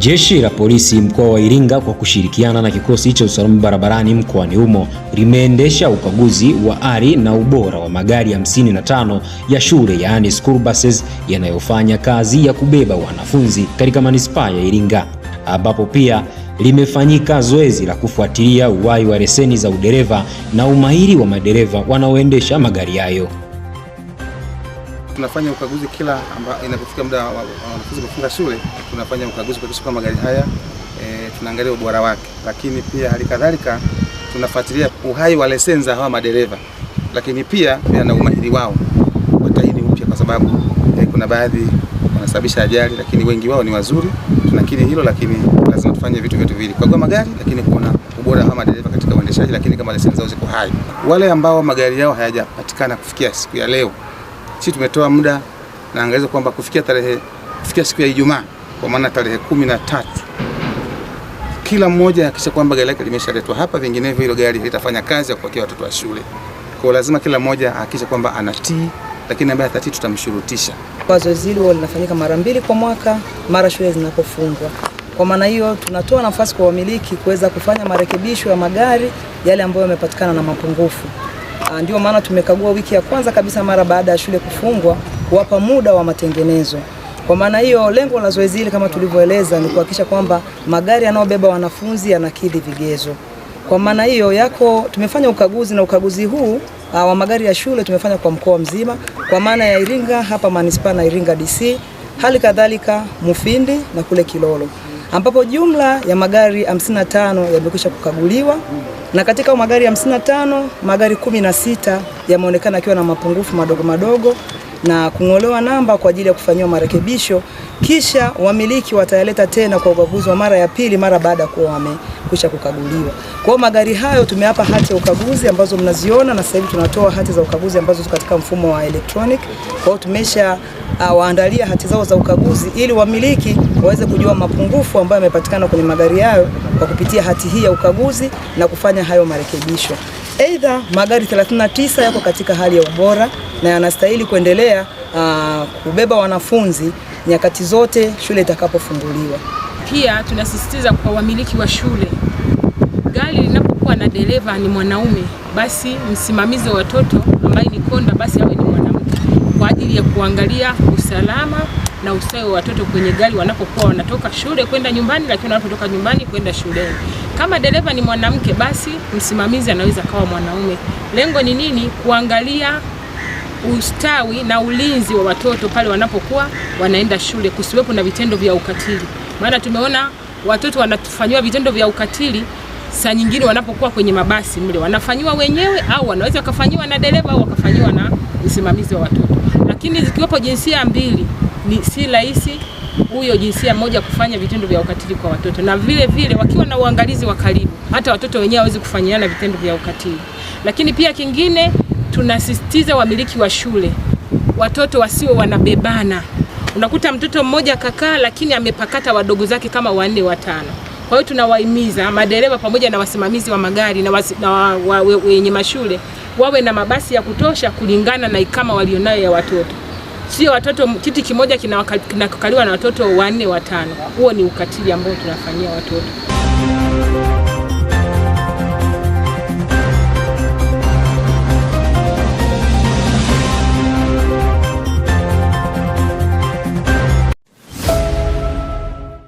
Jeshi la polisi mkoa wa Iringa kwa kushirikiana na kikosi cha usalama barabarani mkoani humo limeendesha ukaguzi wa ari na ubora wa magari 55 ya shule yaani school buses yanayofanya kazi ya kubeba wanafunzi katika manispaa ya Iringa, ambapo pia limefanyika zoezi la kufuatilia uwai wa leseni za udereva na umahiri wa madereva wanaoendesha magari hayo. Tunafanya ukaguzi kila inapofika muda wanafunzi kufunga shule, tunafanya ukaguzi kuhakikisha kwamba magari haya e, tunaangalia ubora wake, lakini pia hali kadhalika tunafuatilia uhai wa leseni za hawa madereva, lakini pia pia na umahiri wao watahini upya, kwa sababu e, kuna baadhi wanasababisha ajali, lakini wengi wao ni wazuri, tunakiri hilo, lakini lazima tufanye vitu vyote viwili, kukagua magari, lakini kuona ubora wa madereva katika uendeshaji, lakini kama leseni zao ziko hai. Wale ambao magari yao hayajapatikana kufikia siku ya leo sisi tumetoa muda na angaweza kwamba kufikia tarehe kufikia siku ya Ijumaa kwa maana tarehe kumi na tatu kila mmoja hakisha kwamba gari lake limeshaletwa hapa, vinginevyo hilo gari litafanya kazi ya kupakia watoto wa shule. Kwa lazima kila mmoja hakisha kwamba anatii, lakini ambaye hatatii tutamshurutisha. Zoezi hilo linafanyika mara mbili kwa mwaka, mara shule zinapofungwa. Kwa maana hiyo, tunatoa nafasi kwa wamiliki kuweza kufanya marekebisho ya magari yale ambayo yamepatikana na mapungufu. Ah, ndio maana tumekagua wiki ya kwanza kabisa mara baada ya shule kufungwa kuwapa muda wa matengenezo. Kwa maana hiyo, lengo la zoezi hili kama tulivyoeleza ni kuhakikisha kwamba magari yanayobeba wanafunzi yanakidhi vigezo. Kwa maana hiyo yako tumefanya ukaguzi na ukaguzi huu aa, ah, wa magari ya shule tumefanya kwa mkoa mzima, kwa maana ya Iringa hapa manispaa na Iringa DC, hali kadhalika Mufindi na kule Kilolo ambapo jumla ya magari 55 yamekwisha kukaguliwa na katika magari 55 magari 16 yameonekana yakiwa na mapungufu madogo madogo na kung'olewa namba kwa ajili ya kufanyiwa marekebisho, kisha wamiliki watayaleta tena kwa ukaguzi wa mara ya pili mara baada ya kuwa wame kisha kukaguliwa. Kwa hiyo magari hayo tumeapa hati ya ukaguzi ambazo mnaziona, na sasa hivi tunatoa hati za ukaguzi ambazo ziko katika mfumo wa electronic. Kwa hiyo tumesha uh, waandalia hati zao za ukaguzi ili wamiliki waweze kujua mapungufu ambayo yamepatikana kwenye magari yao kwa kupitia hati hii ya ukaguzi na kufanya hayo marekebisho. Aidha, magari 39 yako katika hali ya ubora na yanastahili kuendelea uh, kubeba wanafunzi nyakati zote shule itakapofunguliwa. Pia tunasisitiza kwa wamiliki wa shule, gari linapokuwa na dereva ni mwanaume, basi msimamizi wa watoto ambaye ni konda, basi awe ni mwanamke kwa ajili ya kuangalia usalama na ustawi wa watoto kwenye gari wanapokuwa wanatoka shule kwenda nyumbani, lakini wanapotoka nyumbani kwenda shuleni. Kama dereva ni mwanamke, basi msimamizi anaweza kawa mwanaume. Lengo ni nini? Kuangalia ustawi na ulinzi wa watoto pale wanapokuwa wanaenda shule, kusiwepo na vitendo vya ukatili maana tumeona watoto wanatufanyiwa vitendo vya ukatili saa nyingine wanapokuwa kwenye mabasi mle wanafanyiwa wenyewe au wanaweza wakafanyiwa na dereva au wakafanyiwa na msimamizi wa watoto. Lakini zikiwepo jinsia mbili, ni si rahisi huyo jinsia moja kufanya vitendo vya ukatili kwa watoto, na vile vile wakiwa na uangalizi wa karibu, hata watoto wenyewe hawezi kufanyiana vitendo vya ukatili. Lakini pia kingine, tunasisitiza wamiliki wa shule watoto wasiwe wanabebana Unakuta mtoto mmoja kakaa, lakini amepakata wadogo zake kama wanne watano. Kwa hiyo tunawahimiza madereva pamoja na wasimamizi wa magari na, wasi, na wa, wa, we, wenye mashule wawe na mabasi ya kutosha kulingana na ikama walionayo ya watoto. Sio watoto kiti kimoja kinakaliwa na watoto wanne watano. Huo ni ukatili ambao tunafanyia watoto.